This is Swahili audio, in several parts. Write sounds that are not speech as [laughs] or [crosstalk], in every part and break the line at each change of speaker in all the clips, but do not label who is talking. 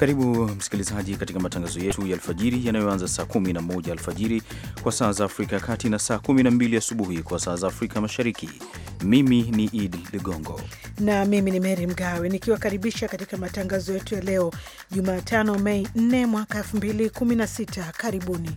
Karibu msikilizaji katika matangazo yetu ya alfajiri yanayoanza saa 11 alfajiri kwa saa za Afrika ya Kati na saa 12 asubuhi kwa saa za Afrika Mashariki. Mimi ni Idi Ligongo
na mimi ni Meri Mgawe nikiwakaribisha katika matangazo yetu ya leo Jumatano, Mei 4 mwaka 2016. Karibuni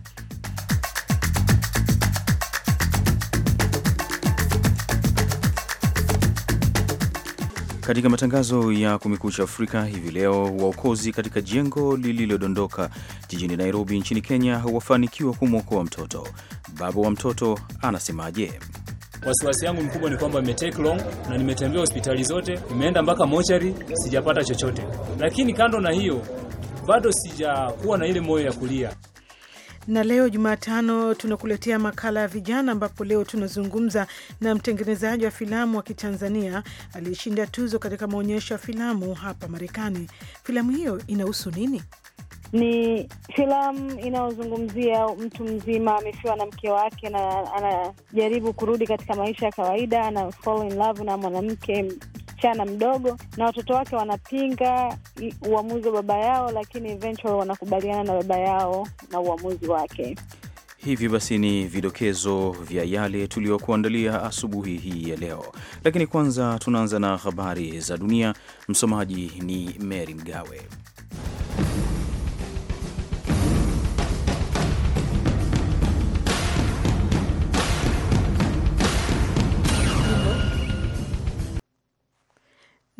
Katika matangazo ya Kumekucha Afrika hivi leo, waokozi katika jengo lililodondoka jijini Nairobi nchini Kenya wafanikiwa kumwokoa mtoto. Baba wa mtoto anasemaje?
Wasiwasi yangu mkubwa ni kwamba imetake long na nimetembea hospitali zote, nimeenda mpaka mochari, sijapata chochote. Lakini kando na hiyo, bado sijakuwa na ile moyo ya kulia
na leo Jumatano tunakuletea makala ya vijana, ambapo leo tunazungumza na mtengenezaji wa filamu wa Kitanzania aliyeshinda tuzo katika maonyesho ya filamu hapa Marekani. Filamu hiyo inahusu nini? Ni
filamu inayozungumzia mtu mzima amefiwa na mke wake na anajaribu kurudi katika maisha ya kawaida, ana fall in love na mwanamke msichana mdogo, na watoto wake wanapinga uamuzi wa baba yao, lakini eventually wanakubaliana na baba yao na uamuzi wake.
Hivyo basi ni vidokezo vya yale tuliyokuandalia asubuhi hii ya leo, lakini kwanza tunaanza na habari za dunia. Msomaji ni Mary Mgawe.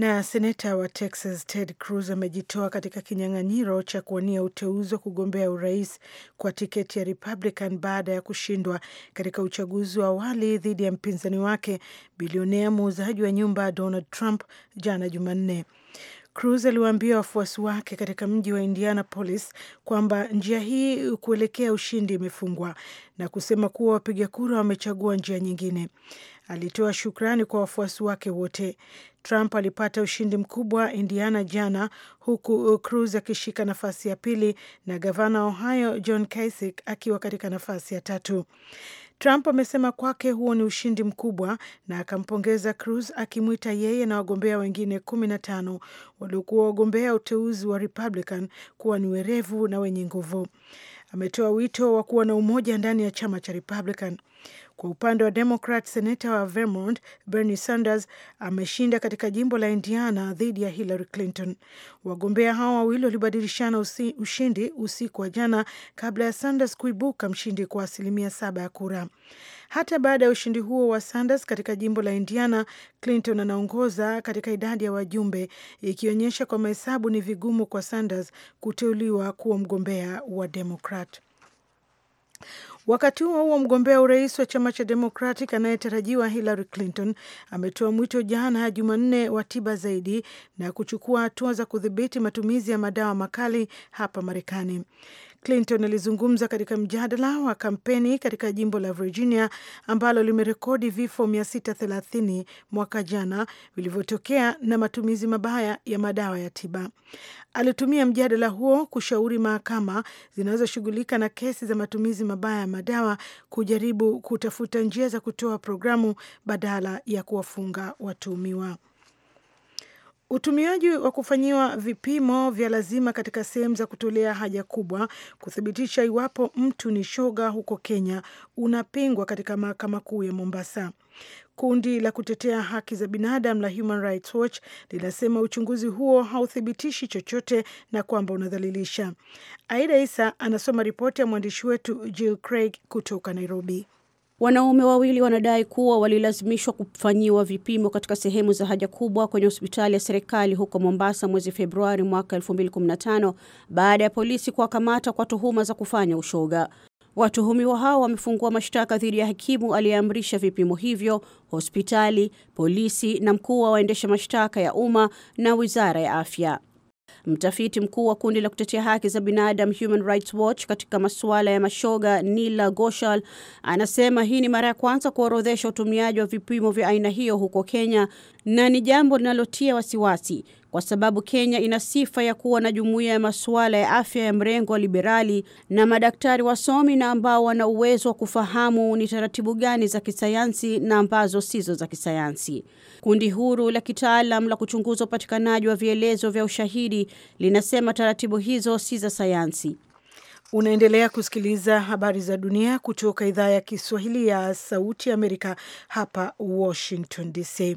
Na seneta wa Texas Ted Cruz amejitoa katika kinyang'anyiro cha kuwania uteuzi wa kugombea urais kwa tiketi ya Republican baada ya kushindwa katika uchaguzi wa awali dhidi ya mpinzani wake bilionea muuzaji wa nyumba Donald Trump jana Jumanne. Cruz aliwaambia wafuasi wake katika mji wa Indianapolis kwamba njia hii kuelekea ushindi imefungwa na kusema kuwa wapiga kura wamechagua njia nyingine alitoa shukrani kwa wafuasi wake wote. Trump alipata ushindi mkubwa Indiana jana, huku Cruz akishika nafasi ya pili na gavana Ohio John Kasich akiwa katika nafasi ya tatu. Trump amesema kwake huo ni ushindi mkubwa na akampongeza Cruz akimwita yeye na wagombea wengine kumi na tano waliokuwa wagombea uteuzi wa Republican kuwa ni werevu na wenye nguvu ametoa wito wa kuwa na umoja ndani ya chama cha Republican. Kwa upande wa demokrat seneta wa Vermont Bernie Sanders ameshinda katika jimbo la Indiana dhidi ya Hillary Clinton. Wagombea hao wawili walibadilishana ushindi usiku wa jana kabla ya Sanders kuibuka mshindi kwa asilimia saba ya kura. Hata baada ya ushindi huo wa Sanders katika jimbo la Indiana, Clinton anaongoza katika idadi ya wajumbe, ikionyesha kwa mahesabu ni vigumu kwa Sanders kuteuliwa kuwa mgombea wa Demokrat. Wakati huo huo, mgombea urais wa chama cha Democratic anayetarajiwa Hillary Clinton ametoa mwito jana ya Jumanne wa tiba zaidi na kuchukua hatua za kudhibiti matumizi ya madawa makali hapa Marekani. Clinton alizungumza katika mjadala wa kampeni katika jimbo la Virginia ambalo limerekodi vifo 630 mwaka jana vilivyotokea na matumizi mabaya ya madawa ya tiba. Alitumia mjadala huo kushauri mahakama zinazoshughulika na kesi za matumizi mabaya ya madawa kujaribu kutafuta njia za kutoa programu badala ya kuwafunga watuhumiwa. Utumiaji wa kufanyiwa vipimo vya lazima katika sehemu za kutolea haja kubwa kuthibitisha iwapo mtu ni shoga huko Kenya unapingwa katika mahakama kuu ya Mombasa. Kundi la kutetea haki za binadamu la Human Rights Watch linasema uchunguzi huo hauthibitishi chochote na kwamba unadhalilisha. Aida
Isa anasoma ripoti ya mwandishi wetu Jill Craig kutoka Nairobi. Wanaume wawili wanadai kuwa walilazimishwa kufanyiwa vipimo katika sehemu za haja kubwa kwenye hospitali ya serikali huko Mombasa mwezi Februari mwaka 2015 baada ya polisi kuwakamata kwa tuhuma za kufanya ushoga. Watuhumiwa hao wamefungua mashtaka dhidi ya hakimu aliyeamrisha vipimo hivyo, hospitali, polisi na mkuu wa waendesha mashtaka ya umma na Wizara ya Afya. Mtafiti mkuu wa kundi la kutetea haki za binadamu Human Rights Watch katika masuala ya mashoga, Nila goshal anasema hii ni mara ya kwanza kuorodhesha utumiaji wa vipimo vya aina hiyo huko Kenya na ni jambo linalotia wasiwasi kwa sababu Kenya ina sifa ya kuwa na jumuiya ya masuala ya afya ya mrengo wa liberali na madaktari wasomi na ambao wana uwezo wa kufahamu ni taratibu gani za kisayansi na ambazo sizo za kisayansi. Kundi huru la kitaalam la kuchunguza upatikanaji wa vielezo vya ushahidi linasema taratibu hizo si za sayansi. Unaendelea kusikiliza habari za dunia kutoka idhaa ya Kiswahili ya Sauti
Amerika hapa Washington DC.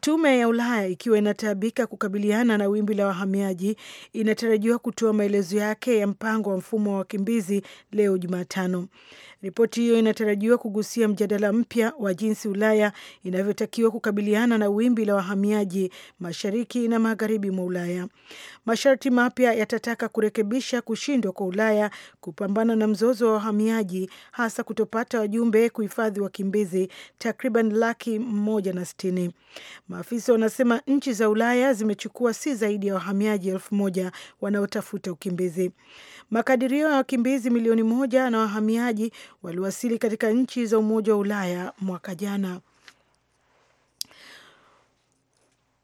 Tume ya Ulaya ikiwa inataabika kukabiliana na wimbi la wahamiaji inatarajiwa kutoa maelezo yake ya mpango wa mfumo wa wakimbizi leo Jumatano. Ripoti hiyo inatarajiwa kugusia mjadala mpya wa jinsi Ulaya inavyotakiwa kukabiliana na wimbi la wahamiaji mashariki na magharibi mwa Ulaya. Masharti mapya yatataka kurekebisha kushindwa kwa Ulaya kupambana na mzozo wa wahamiaji, hasa kutopata wajumbe kuhifadhi wakimbizi takriban laki moja na sitini. Maafisa wanasema nchi za Ulaya zimechukua si zaidi ya wahamiaji elfu moja wanaotafuta ukimbizi. Makadirio ya wakimbizi milioni moja na wahamiaji waliwasili katika nchi za Umoja wa Ulaya mwaka jana.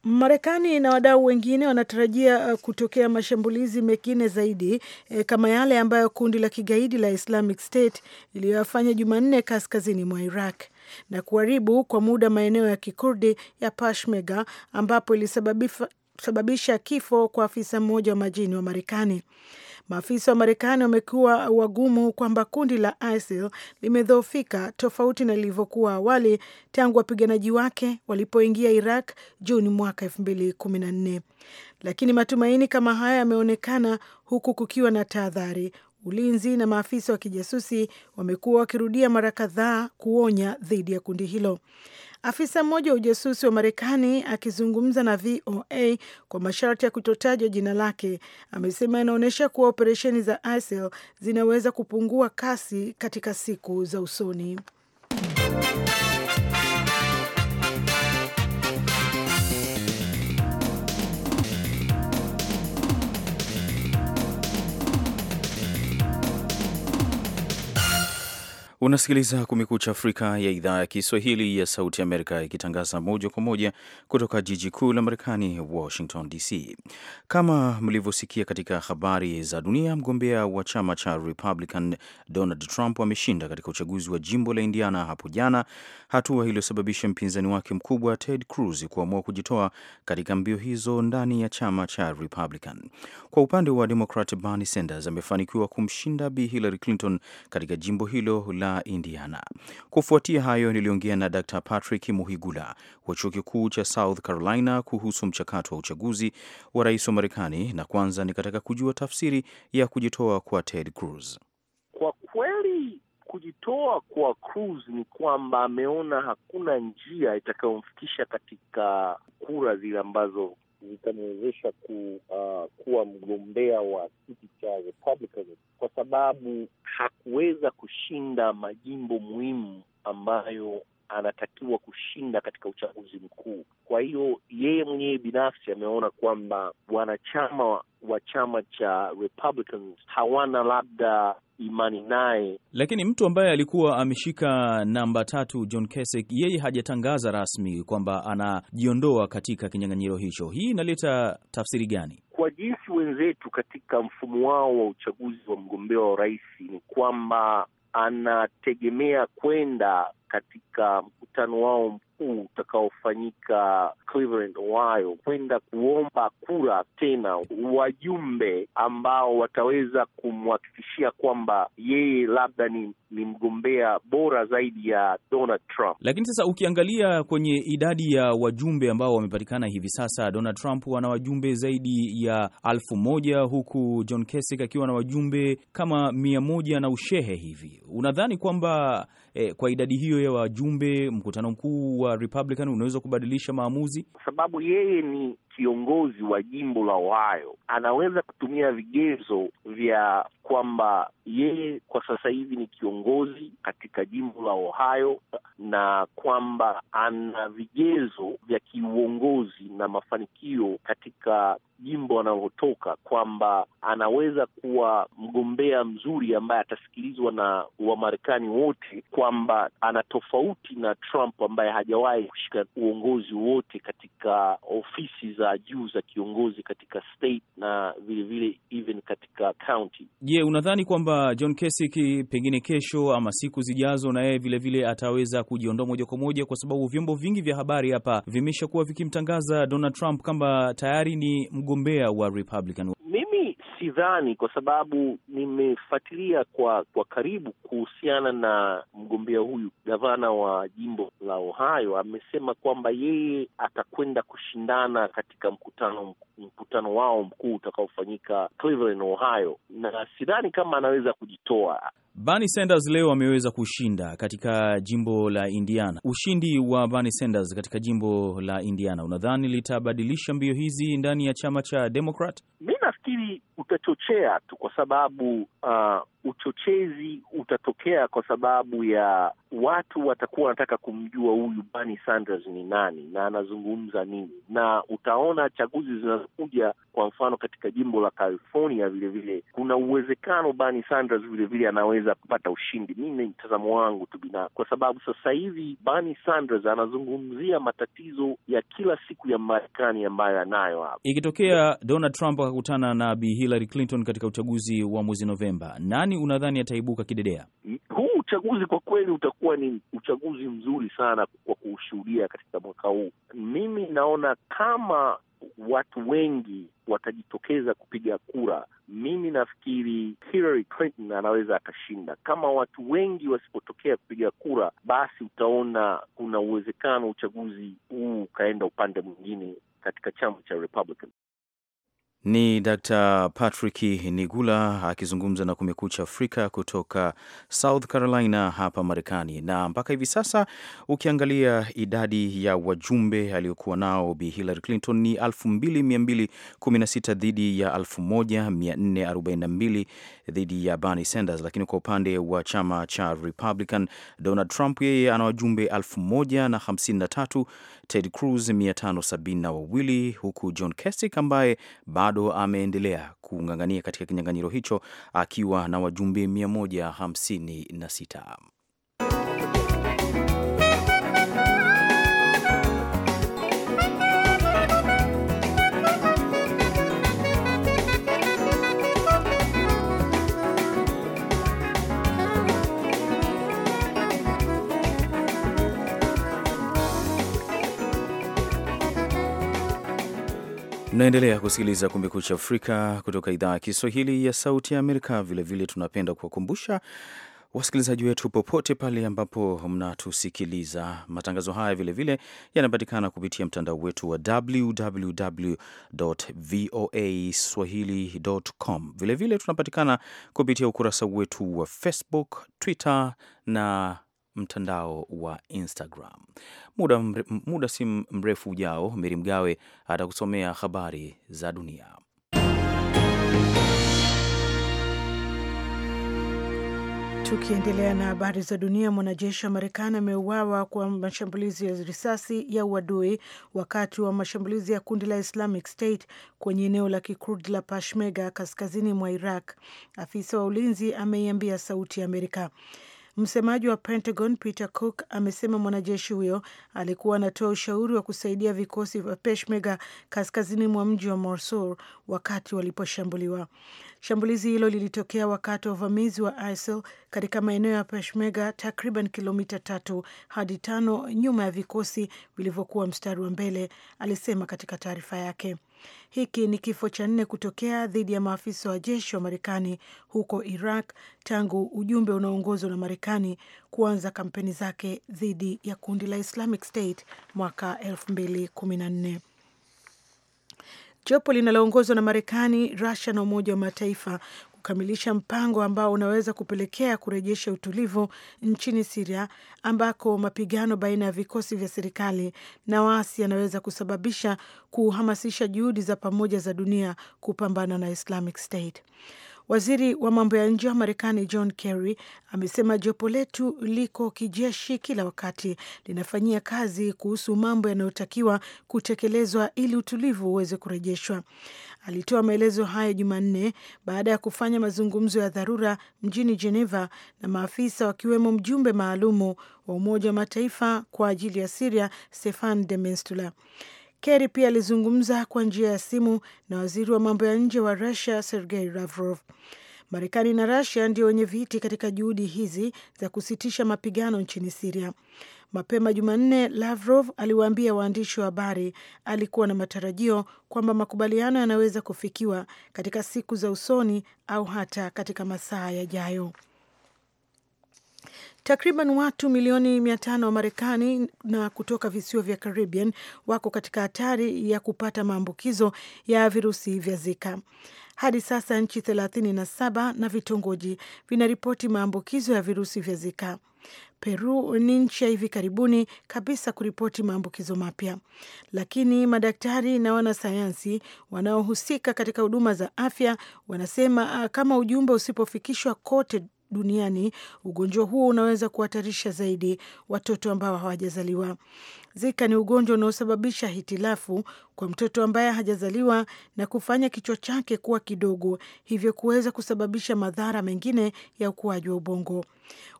Marekani na wadau wengine wanatarajia uh, kutokea mashambulizi mengine zaidi e, kama yale ambayo kundi la kigaidi la Islamic State iliyoyafanya Jumanne kaskazini mwa Iraq na kuharibu kwa muda maeneo ya kikurdi ya Peshmerga ambapo ilisababisha kifo kwa afisa mmoja wa majini wa Marekani. Maafisa wa Marekani wamekuwa wagumu kwamba kundi la ISIL limedhoofika tofauti na lilivyokuwa awali tangu wapiganaji wake walipoingia Iraq Juni mwaka elfu mbili kumi na nne, lakini matumaini kama haya yameonekana huku kukiwa na tahadhari ulinzi na maafisa wa kijasusi wamekuwa wakirudia mara kadhaa kuonya dhidi ya kundi hilo. Afisa mmoja wa ujasusi wa Marekani akizungumza na VOA kwa masharti ya kutotajwa jina lake amesema inaonyesha kuwa operesheni za ISIL zinaweza kupungua kasi katika siku za usoni.
Unasikiliza Kumekucha Afrika ya idhaa ya Kiswahili ya Sauti Amerika ikitangaza moja kwa moja kutoka jiji kuu la Marekani, Washington DC. Kama mlivyosikia katika habari za dunia, mgombea wa chama cha Republican Donald Trump ameshinda katika uchaguzi wa jimbo la Indiana hapo jana, hatua iliyosababisha mpinzani wake mkubwa Ted Cruz kuamua kujitoa katika mbio hizo ndani ya chama cha Republican. Kwa upande wa Democrat, Bernie Sanders amefanikiwa kumshinda Bi Hillary Clinton katika jimbo hilo la la Indiana. Kufuatia hayo, niliongea na Dr Patrick Muhigula wa chuo kikuu cha South Carolina kuhusu mchakato wa uchaguzi wa rais wa Marekani, na kwanza nikataka kujua tafsiri ya kujitoa kwa Ted Cruz.
Kwa kweli kujitoa kwa Cruz ni kwamba ameona hakuna njia itakayomfikisha katika kura zile ambazo zitaniwezesha ku, uh, kuwa mgombea wa kiti cha Republican kwa sababu hakuweza kushinda majimbo muhimu ambayo anatakiwa kushinda katika uchaguzi mkuu. Kwa hiyo yeye mwenyewe binafsi ameona kwamba wanachama wa chama cha Republicans hawana labda imani naye.
Lakini mtu ambaye alikuwa ameshika namba tatu, John Kasich, yeye hajatangaza rasmi kwamba anajiondoa katika kinyang'anyiro hicho. Hii inaleta tafsiri gani?
Kwa jinsi wenzetu katika mfumo wao wa uchaguzi wa mgombea wa urais ni kwamba anategemea kwenda katika mkutano wao mkuu utakaofanyika Cleveland, Ohio, kwenda kuomba kura tena wajumbe ambao wataweza kumhakikishia kwamba yeye labda ni, ni mgombea bora zaidi ya Donald Trump.
Lakini sasa ukiangalia kwenye idadi ya wajumbe ambao wamepatikana hivi sasa, Donald Trump ana wajumbe zaidi ya alfu moja huku John Kasich akiwa na wajumbe kama mia moja na ushehe hivi. Unadhani kwamba eh, kwa idadi hiyo ya wajumbe mkutano mkuu wa Republican unaweza kubadilisha maamuzi? Kwa
sababu yeye ni kiongozi wa jimbo la Ohio anaweza kutumia vigezo vya kwamba yeye kwa sasa hivi ni kiongozi katika jimbo la Ohio na kwamba ana vigezo vya kiuongozi na mafanikio katika jimbo analotoka, kwamba anaweza kuwa mgombea mzuri ambaye atasikilizwa na Wamarekani wote, kwamba ana tofauti na Trump ambaye hajawahi kushika uongozi wote katika ofisi za za juu za kiongozi katika state na vile vile even katika county.
Je, yeah, unadhani kwamba John Kasich pengine kesho ama siku zijazo na yeye vile vile ataweza kujiondoa moja kwa moja, kwa sababu vyombo vingi vya habari hapa vimeshakuwa vikimtangaza Donald Trump kama tayari ni mgombea wa Republican?
Mimi sidhani, kwa sababu nimefuatilia kwa kwa karibu kuhusiana na mgombea huyu. Gavana wa jimbo la Ohio amesema kwamba yeye atakwenda kushindana katika mkutano mkutano wao mkuu utakaofanyika Cleveland, Ohio, na sidhani kama anaweza kujitoa.
Bernie Sanders leo ameweza kushinda katika jimbo la Indiana. Ushindi wa Bernie Sanders katika jimbo la Indiana unadhani litabadilisha mbio hizi ndani ya chama cha Democrat?
Mi nafikiri utachochea tu, kwa sababu uh, uchochezi utatokea kwa sababu ya watu watakuwa wanataka kumjua huyu Bernie Sanders ni nani na anazungumza nini, na utaona chaguzi zinazokuja, kwa mfano katika jimbo la California vilevile vile, kuna uwezekano Bernie Sanders vilevile anaweza kupata ushindi. Mi ni mtazamo wangu tu binafsi, kwa sababu sasa hivi Bernie Sanders anazungumzia matatizo ya kila siku ya Marekani ambayo anayo hapa.
Ikitokea Donald Trump akakutana na Bi Hillary Hillary Clinton katika uchaguzi wa mwezi Novemba, nani unadhani ataibuka kidedea?
Huu uchaguzi kwa kweli utakuwa ni uchaguzi mzuri sana kwa kuushuhudia katika mwaka huu. Mimi naona kama watu wengi watajitokeza kupiga kura, mimi nafikiri Hillary Clinton anaweza akashinda. Kama watu wengi wasipotokea kupiga kura, basi utaona kuna uwezekano uchaguzi huu ukaenda upande mwingine katika chama cha Republican.
Ni Dr. Patrick Nigula akizungumza na Kumekucha Afrika kutoka South Carolina hapa Marekani. Na mpaka hivi sasa ukiangalia idadi ya wajumbe aliyokuwa nao Bi Hillary Clinton ni 2216 dhidi ya 1442 dhidi ya Bernie Sanders. Lakini kwa upande wa chama cha Republican, Donald Trump yeye ana wajumbe 1053, Ted Cruz 572, huku John Kasich ambaye bado ameendelea kung'ang'ania katika kinyang'anyiro hicho akiwa na wajumbe 156. Mnaendelea kusikiliza Kumekucha Afrika kutoka idhaa ya Kiswahili ya Sauti ya Amerika. Vilevile tunapenda kuwakumbusha wasikilizaji wetu popote pale ambapo mnatusikiliza matangazo haya vilevile yanapatikana kupitia mtandao wetu wa swahilicom. Vilevile tunapatikana kupitia ukurasa wetu wa Facebook, Twitter na mtandao wa Instagram. Muda, mre, muda si mrefu ujao, Meri Mgawe atakusomea habari za dunia.
Tukiendelea na habari za dunia, mwanajeshi wa Marekani ameuawa kwa mashambulizi ya risasi ya uadui wakati wa mashambulizi ya kundi la Islamic State kwenye eneo la kikurdi la pashmega kaskazini mwa Iraq, afisa wa ulinzi ameiambia Sauti ya Amerika. Msemaji wa Pentagon Peter Cook amesema mwanajeshi huyo alikuwa anatoa ushauri wa kusaidia vikosi vya Peshmerga kaskazini mwa mji wa Mosul wakati waliposhambuliwa. Shambulizi hilo lilitokea wakati wa uvamizi wa ISIL katika maeneo ya Peshmerga takriban kilomita tatu hadi tano nyuma ya vikosi vilivyokuwa mstari wa mbele, alisema katika taarifa yake. Hiki ni kifo cha nne kutokea dhidi ya maafisa wa jeshi wa Marekani huko Iraq tangu ujumbe unaoongozwa na Marekani kuanza kampeni zake dhidi ya kundi la Islamic State mwaka 2014. Jopo linaloongozwa na Marekani, Rusia na Umoja wa Mataifa kukamilisha mpango ambao unaweza kupelekea kurejesha utulivu nchini Siria ambako mapigano baina ya vikosi vya serikali na waasi yanaweza kusababisha kuhamasisha juhudi za pamoja za dunia kupambana na Islamic State. Waziri wa mambo ya nje wa Marekani John Kerry amesema jopo letu liko kijeshi, kila wakati linafanyia kazi kuhusu mambo yanayotakiwa kutekelezwa ili utulivu uweze kurejeshwa. Alitoa maelezo hayo Jumanne baada ya kufanya mazungumzo ya dharura mjini Geneva na maafisa wakiwemo mjumbe maalumu wa Umoja wa Mataifa kwa ajili ya Siria Stefan de Mistura. Kerry pia alizungumza kwa njia ya simu na waziri wa mambo ya nje wa Rusia Sergei Lavrov. Marekani na rasia ndio wenye viti katika juhudi hizi za kusitisha mapigano nchini Siria. Mapema Jumanne, Lavrov aliwaambia waandishi wa habari alikuwa na matarajio kwamba makubaliano yanaweza kufikiwa katika siku za usoni au hata katika masaa yajayo. Takriban watu milioni mia tano wa Marekani na kutoka visiwa vya Caribbean wako katika hatari ya kupata maambukizo ya virusi vya Zika. Hadi sasa nchi thelathini na saba na vitongoji vinaripoti maambukizo ya virusi vya Zika. Peru ni nchi ya hivi karibuni kabisa kuripoti maambukizo mapya, lakini madaktari na wanasayansi wanaohusika katika huduma za afya wanasema ah, kama ujumbe usipofikishwa kote duniani, ugonjwa huo unaweza kuhatarisha zaidi watoto ambao hawajazaliwa. Zika ni ugonjwa unaosababisha hitilafu kwa mtoto ambaye hajazaliwa na kufanya kichwa chake kuwa kidogo, hivyo kuweza kusababisha madhara mengine ya ukuaji wa ubongo.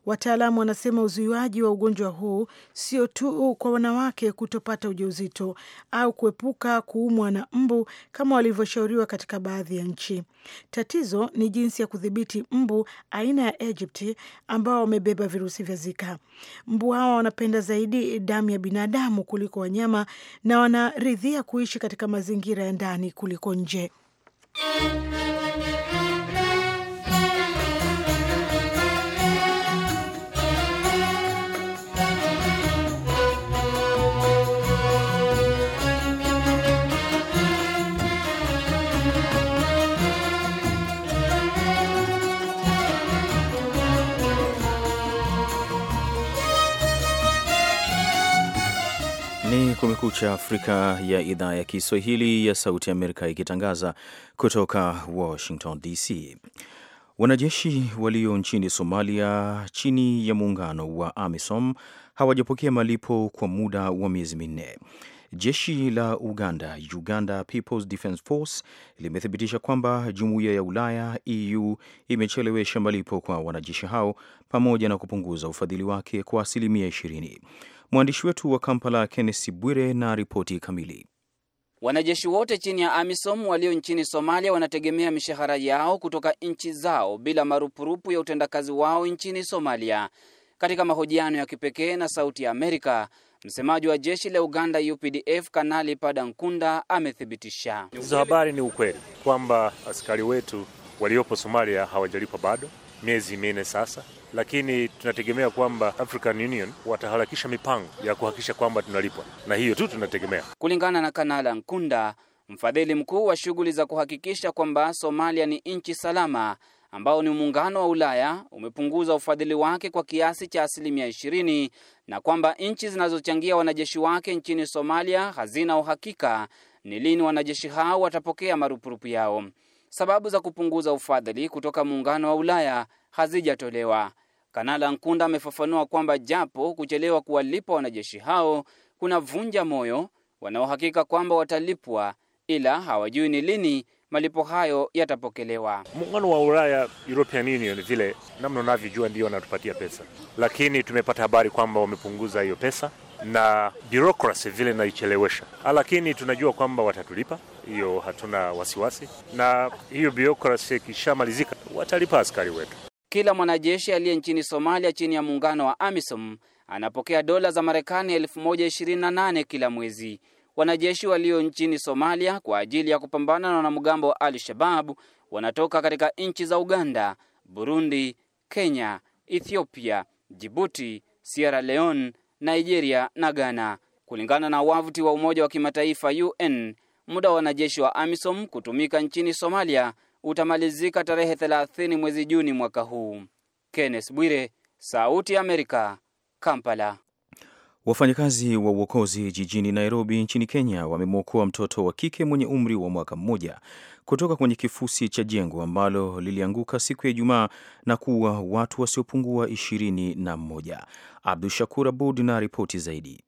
Wataalamu wanasema uzuiwaji wa ugonjwa huu sio tu kwa wanawake kutopata ujauzito au kuepuka kuumwa na mbu kama walivyoshauriwa katika baadhi ya nchi. Tatizo ni jinsi ya kudhibiti mbu aina ya Egypt ambao wamebeba virusi vya Zika. Mbu hawa wanapenda zaidi damu ya binadamu binadamu kuliko wanyama na wanaridhia kuishi katika mazingira ya ndani kuliko nje.
Ni Kumekucha Afrika ya idhaa ya Kiswahili ya Sauti ya Amerika ikitangaza kutoka Washington DC. Wanajeshi walio nchini Somalia chini ya muungano wa AMISOM hawajapokea malipo kwa muda wa miezi minne. Jeshi la Uganda, Uganda People's Defence Force, limethibitisha kwamba jumuiya ya Ulaya EU imechelewesha malipo kwa wanajeshi hao pamoja na kupunguza ufadhili wake kwa asilimia ishirini Mwandishi wetu wa Kampala Kennesi Bwire na ripoti kamili.
Wanajeshi wote chini ya AMISOM walio nchini Somalia wanategemea mishahara yao kutoka nchi zao bila marupurupu ya utendakazi wao nchini Somalia. Katika mahojiano ya kipekee na Sauti ya Amerika, msemaji wa jeshi la Uganda UPDF Kanali Padankunda amethibitisha
hizo habari. Ni ukweli kwamba askari wetu waliopo Somalia hawajalipwa bado, miezi minne sasa, lakini tunategemea kwamba African Union wataharakisha mipango ya kuhakikisha kwamba tunalipwa, na hiyo tu tunategemea. Kulingana na Kanala Nkunda, mfadhili
mkuu wa shughuli za kuhakikisha kwamba Somalia ni nchi salama, ambao ni muungano wa Ulaya umepunguza ufadhili wake kwa kiasi cha asilimia ishirini na kwamba nchi zinazochangia wanajeshi wake nchini Somalia hazina uhakika ni lini wanajeshi hao watapokea marupurupu yao. Sababu za kupunguza ufadhili kutoka muungano wa Ulaya hazijatolewa. Kanala Nkunda amefafanua kwamba japo kuchelewa kuwalipa wanajeshi hao kuna vunja moyo, wanaohakika kwamba watalipwa ila hawajui ni lini malipo hayo yatapokelewa.
Muungano wa Ulaya, European Union, vile namna unavyojua, ndio wanatupatia pesa, lakini tumepata habari kwamba wamepunguza hiyo pesa na bureaucracy vile naichelewesha, ah, lakini tunajua kwamba watatulipa, hiyo hatuna wasiwasi, na hiyo bureaucracy. ikishamalizika watalipa askari wetu.
Kila mwanajeshi aliye nchini Somalia chini ya muungano wa AMISOM anapokea dola za Marekani elfu kila mwezi wanajeshi walio nchini Somalia kwa ajili ya kupambana na wanamgambo wa Al Shababu wanatoka katika nchi za Uganda, Burundi, Kenya, Ethiopia, Jibuti, Sierra Leone, Nigeria na Ghana. Kulingana na wavuti wa Umoja wa Kimataifa UN, muda wa wanajeshi wa AMISOM kutumika nchini Somalia utamalizika tarehe 30 mwezi Juni mwaka huu. Kenneth Bwire, Sauti ya Amerika, Kampala.
Wafanyakazi wa uokozi jijini Nairobi nchini Kenya wamemwokoa mtoto wa kike mwenye umri wa mwaka mmoja kutoka kwenye kifusi cha jengo ambalo lilianguka siku ya Ijumaa na kuua watu wasiopungua ishirini na mmoja. Abdu Shakur Abud na ripoti zaidi.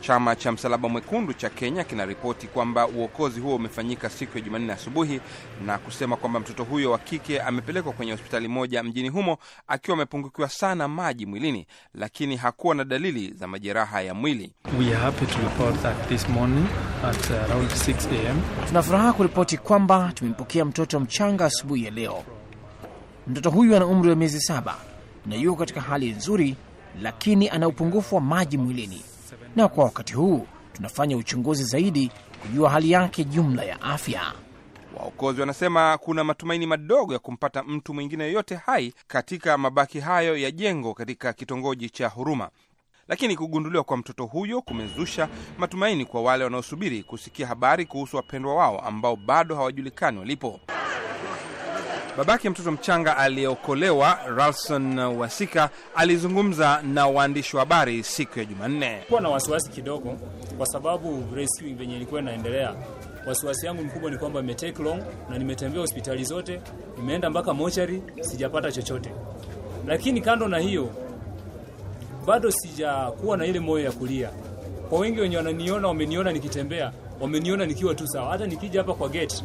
Chama cha Msalaba Mwekundu cha Kenya kinaripoti kwamba uokozi huo umefanyika
siku ya Jumanne asubuhi na kusema kwamba mtoto huyo wa kike amepelekwa kwenye hospitali moja mjini humo akiwa amepungukiwa sana maji mwilini, lakini hakuwa na dalili za majeraha ya mwili.
Tuna
furaha kuripoti kwamba tumempokea mtoto mchanga asubuhi ya leo. Mtoto huyu ana umri wa miezi saba na yuko katika hali nzuri, lakini ana upungufu wa maji mwilini na kwa wakati huu tunafanya uchunguzi zaidi kujua hali yake jumla ya
afya. Waokozi wanasema kuna matumaini madogo ya kumpata mtu mwingine yoyote hai katika mabaki hayo ya jengo katika kitongoji cha Huruma, lakini kugunduliwa kwa mtoto huyo kumezusha matumaini kwa wale wanaosubiri kusikia habari kuhusu wapendwa wao ambao bado hawajulikani walipo. Babake mtoto mchanga aliyeokolewa Ralson Wasika alizungumza na waandishi wa habari siku ya Jumanne. Kuwa na wasiwasi kidogo, kwa sababu rescue venye ilikuwa inaendelea. Wasiwasi yangu mkubwa ni kwamba imetake long, na nimetembea hospitali zote, nimeenda mpaka mochari, sijapata chochote. Lakini kando na hiyo, bado sijakuwa na ile moyo ya kulia. Kwa wengi wenye wananiona, wameniona nikitembea, wameniona nikiwa tu sawa. Hata nikija hapa kwa gate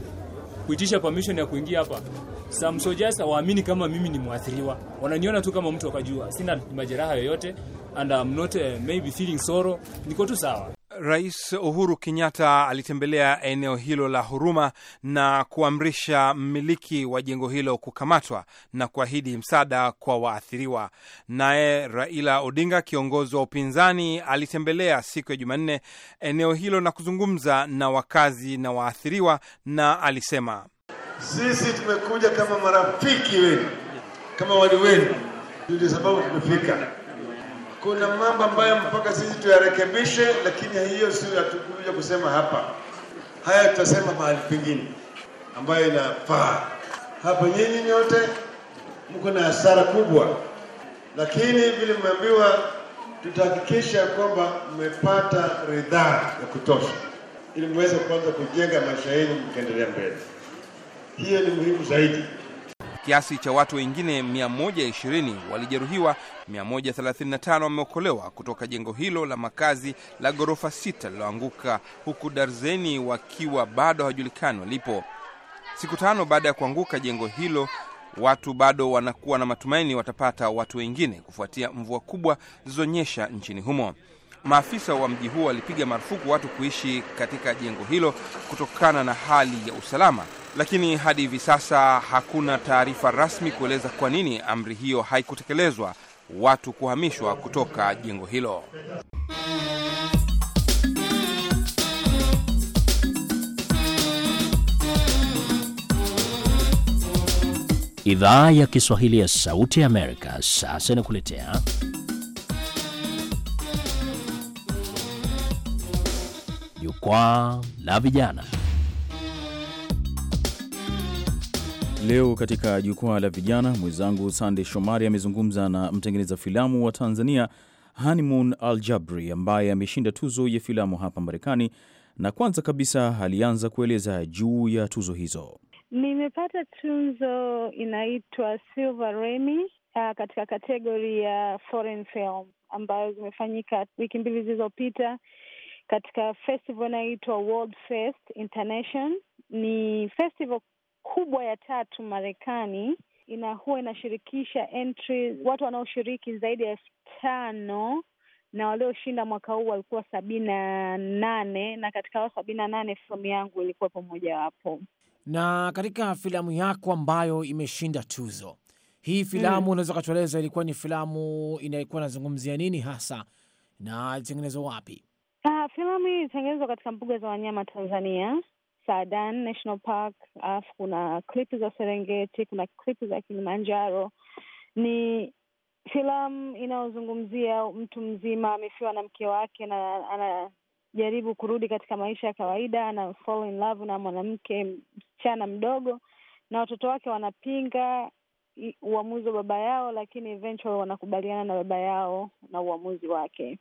kuitisha permission ya kuingia hapa samsojas hawaamini kama mimi ni mwathiriwa, wananiona tu kama mtu akajua sina majeraha yoyote and I'm not uh, maybe feeling sorrow, niko tu sawa. Rais Uhuru Kenyatta alitembelea eneo hilo la Huruma na kuamrisha mmiliki wa jengo hilo kukamatwa na kuahidi msaada kwa waathiriwa. Naye Raila Odinga, kiongozi wa upinzani, alitembelea siku ya Jumanne eneo hilo na kuzungumza na wakazi na waathiriwa, na alisema sisi tumekuja kama marafiki wenu, kama wali wenu, ndio sababu tumefika. Kuna mambo ambayo mpaka sisi tuyarekebishe, lakini hiyo sio hatukuja kusema hapa. Haya tutasema mahali pengine ambayo inafaa. Hapa nyinyi nyote mko na hasara kubwa, lakini vile mmeambiwa, tutahakikisha kwamba mmepata ridhaa ya kutosha, ili mweze kuanza kujenga maisha yenu mkaendelea mbele.
Hiyo ni muhimu zaidi.
Kiasi cha watu wengine 120 walijeruhiwa, 135 wameokolewa kutoka jengo hilo la makazi la ghorofa sita lililoanguka, huku darzeni wakiwa bado hawajulikani walipo. Siku tano baada ya kuanguka jengo hilo, watu bado wanakuwa na matumaini watapata watu wengine kufuatia mvua kubwa zilizonyesha nchini humo. Maafisa wa mji huo walipiga marufuku watu kuishi katika jengo hilo kutokana na hali ya usalama lakini hadi hivi sasa hakuna taarifa rasmi kueleza kwa nini amri hiyo haikutekelezwa, watu kuhamishwa kutoka jengo hilo.
Idhaa ya Kiswahili ya Sauti Amerika sasa inakuletea jukwaa la vijana. Leo katika jukwaa la vijana, mwenzangu Sandey Shomari amezungumza na mtengeneza filamu wa Tanzania Hanimun Aljabri ambaye ameshinda tuzo ya filamu hapa Marekani, na kwanza kabisa alianza kueleza juu ya tuzo hizo.
Nimepata tuzo inaitwa Silver Remy ah, katika kategori ya foreign film ambayo zimefanyika wiki mbili zilizopita katika festival inayoitwa World Fest International. Ni festival kubwa ya tatu Marekani ina huwa inashirikisha watu wanaoshiriki zaidi ya elfu tano na walioshinda mwaka huu walikuwa sabini na nane na katika hao sabini na nane filamu yangu ilikuwepo mojawapo.
Na katika filamu yako ambayo imeshinda tuzo hii mm. filamu, mm, unaweza ukatueleza ilikuwa ni filamu inayokuwa nazungumzia nini hasa na ilitengenezwa wapi?
Ah, filamu hii ilitengenezwa katika mbuga za wanyama Tanzania Sadan National Park, alafu kuna klipu za Serengeti, kuna klipu za Kilimanjaro. Ni filamu inayozungumzia mtu mzima amefiwa na mke wake na anajaribu kurudi katika maisha ya kawaida, ana fall in love na mwanamke msichana mdogo, na watoto wake wanapinga uamuzi wa baba yao, lakini eventually wanakubaliana na baba yao na uamuzi wake.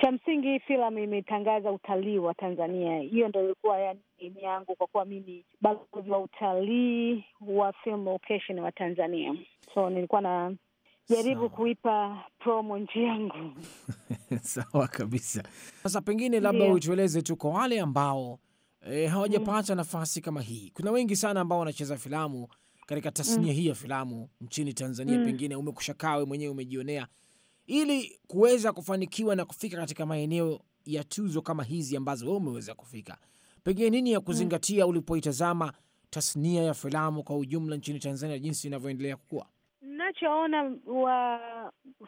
Cha msingi filamu imetangaza utalii wa Tanzania. Hiyo ndo ilikuwa yani yangu, kwa kuwa mi ni balozi wa utalii wa film location wa Tanzania, so nilikuwa na jaribu sawa, kuipa promo nchi yangu
[laughs] sawa kabisa. Sasa pengine labda utueleze tu kwa wale ambao e, hawajapata mm, nafasi kama hii. Kuna wengi sana ambao wanacheza filamu katika tasnia mm, hii ya filamu nchini Tanzania mm, pengine umekusha we mwenyewe umejionea ili kuweza kufanikiwa na kufika katika maeneo ya tuzo kama hizi ambazo wewe umeweza kufika, pengine nini ya kuzingatia mm. ulipoitazama tasnia ya filamu kwa ujumla nchini Tanzania jinsi inavyoendelea kukua?
Nachoona wa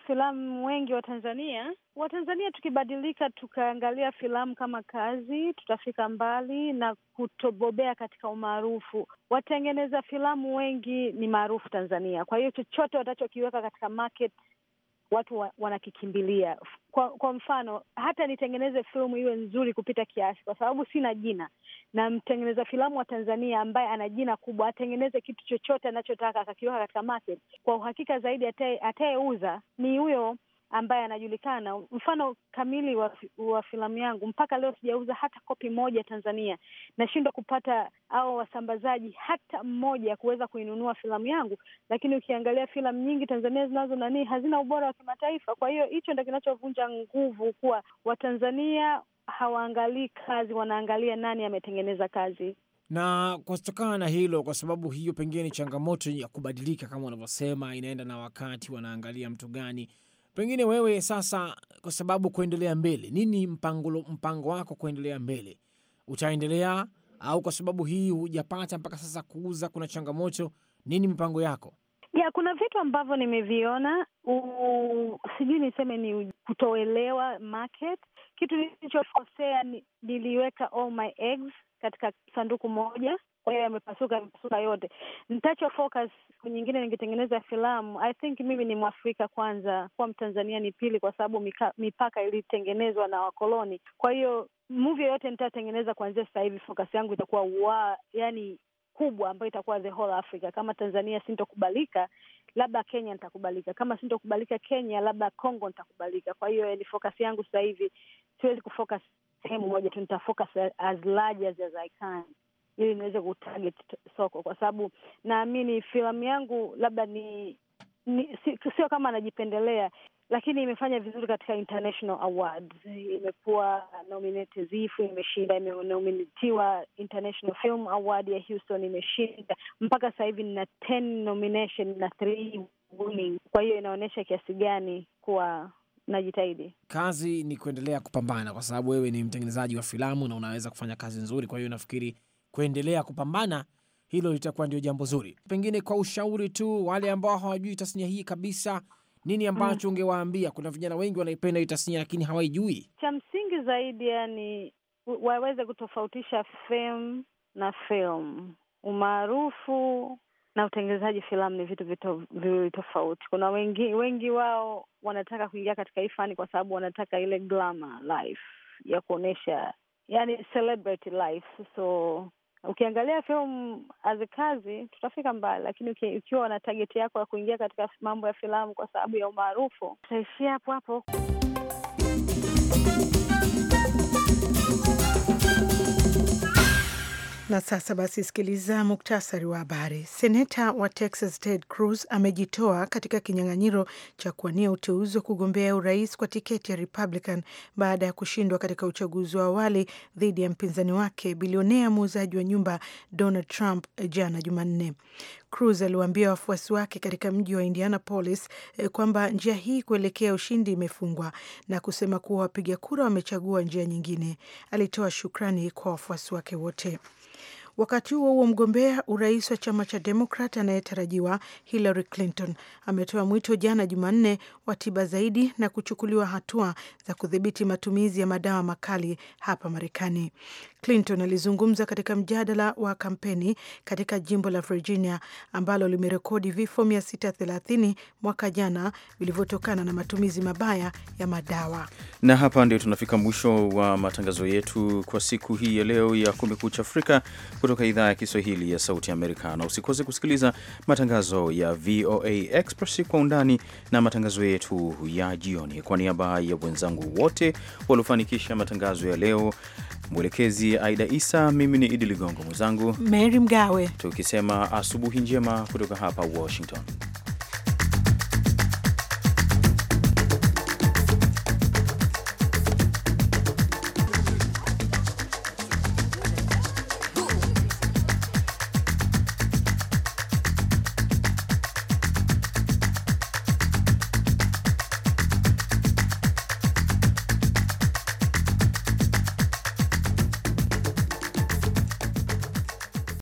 filamu wengi wa Tanzania, Watanzania tukibadilika, tukaangalia filamu kama kazi, tutafika mbali na kutobobea katika umaarufu. Watengeneza filamu wengi ni maarufu Tanzania, kwa hiyo chochote watachokiweka katika market watu wa, wanakikimbilia. Kwa, kwa mfano hata nitengeneze filmu iwe nzuri kupita kiasi, kwa sababu sina jina, na mtengeneza filamu wa Tanzania ambaye ana jina kubwa atengeneze kitu chochote anachotaka akakiweka katika market, kwa uhakika zaidi atayeuza ni huyo ambaye anajulikana. Mfano kamili wa, wa filamu yangu mpaka leo sijauza hata kopi moja Tanzania. Nashindwa kupata au wasambazaji hata mmoja kuweza kuinunua filamu yangu, lakini ukiangalia filamu nyingi Tanzania zinazo nani hazina ubora wa kimataifa. Kwa hiyo hicho ndo kinachovunja nguvu kuwa Watanzania hawaangalii kazi, wanaangalia nani ametengeneza kazi
na kutokana na hilo, kwa sababu hiyo pengine ni changamoto ya kubadilika, kama unavyosema, inaenda na wakati, wanaangalia mtu gani Pengine wewe sasa, kwa sababu kuendelea mbele, nini mpango, mpango wako kuendelea mbele? Utaendelea au kwa sababu hii hujapata mpaka sasa kuuza, kuna changamoto? Nini mipango yako?
Ya, kuna vitu ambavyo nimeviona, sijui niseme ni kutoelewa market. Kitu nilichokosea niliweka all my eggs katika sanduku moja, kwa hiyo yamepasuka, yamepasuka yote. ntacho focus nyingine, ningetengeneza filamu. I think mimi ni Mwafrika kwanza, kuwa Mtanzania ni pili, kwa sababu mipaka ilitengenezwa na wakoloni. Kwa hiyo muvi yoyote nitatengeneza kuanzia sasa hivi, focus yangu itakuwa wa, yani kubwa ambayo itakuwa the whole Africa. Kama Tanzania sintokubalika, labda Kenya nitakubalika. Kama sintokubalika Kenya, labda Congo nitakubalika. Kwa hiyo ni focus yangu sasa hivi, siwezi kufocus sehemu moja tu, nitafocus as large as I can ili niweze kutarget soko, kwa sababu naamini filamu yangu labda ni, ni sio kama anajipendelea, lakini imefanya vizuri katika international awards, imekuwa nominated zifu, imeshinda, imenominatiwa international film award ya Houston imeshinda. Mpaka sasa hivi nina 10 nomination na 3 winning, kwa hiyo inaonyesha kiasi gani kuwa najitahidi.
Kazi ni kuendelea kupambana, kwa sababu wewe ni mtengenezaji wa filamu na unaweza kufanya kazi nzuri. Kwa hiyo nafikiri kuendelea kupambana, hilo litakuwa ndio jambo zuri. Pengine kwa ushauri tu, wale ambao hawajui tasnia hii kabisa, nini ambacho mm. ungewaambia? Kuna vijana wengi wanaipenda hii tasnia lakini hawaijui.
Cha msingi zaidi, yani waweze kutofautisha fame na film. Umaarufu na utengenezaji filamu ni vitu viwili tofauti. Kuna wengi wengi wao wanataka kuingia katika hii fani kwa sababu wanataka ile glamour life ya kuonyesha, yani celebrity life, so Ukiangalia film as a kazi tutafika mbali, lakini ukiwa na target yako ya kuingia katika mambo ya filamu kwa sababu ya umaarufu, tutaishia hapo hapo.
Na sasa basi, sikiliza muktasari wa habari. Seneta wa Texas Ted Cruz amejitoa katika kinyang'anyiro cha kuwania uteuzi wa kugombea urais kwa tiketi ya Republican baada ya kushindwa katika uchaguzi wa awali dhidi ya mpinzani wake bilionea muuzaji wa nyumba Donald Trump jana Jumanne. Cruz aliwaambia wafuasi wake katika mji wa Indianapolis eh, kwamba njia hii kuelekea ushindi imefungwa na kusema kuwa wapiga kura wamechagua njia nyingine. Alitoa shukrani kwa wafuasi wake wote. Wakati huo huo, mgombea urais wa chama cha Demokrat anayetarajiwa Hillary Clinton ametoa mwito jana Jumanne wa tiba zaidi na kuchukuliwa hatua za kudhibiti matumizi ya madawa makali hapa Marekani. Clinton alizungumza katika mjadala wa kampeni katika jimbo la Virginia ambalo limerekodi vifo 630 mwaka jana vilivyotokana na matumizi mabaya ya madawa.
Na hapa ndio tunafika mwisho wa matangazo yetu kwa siku hii ya leo ya Kumekucha Afrika kutoka idhaa ya Kiswahili ya Sauti Amerika, na usikose kusikiliza matangazo ya VOA Express kwa undani na matangazo yetu ya jioni. Kwa niaba ya wenzangu wote waliofanikisha matangazo ya leo mwelekezi Aida Isa, mimi ni Idi Ligongo, mwenzangu Mary Mgawe, tukisema asubuhi njema kutoka hapa Washington.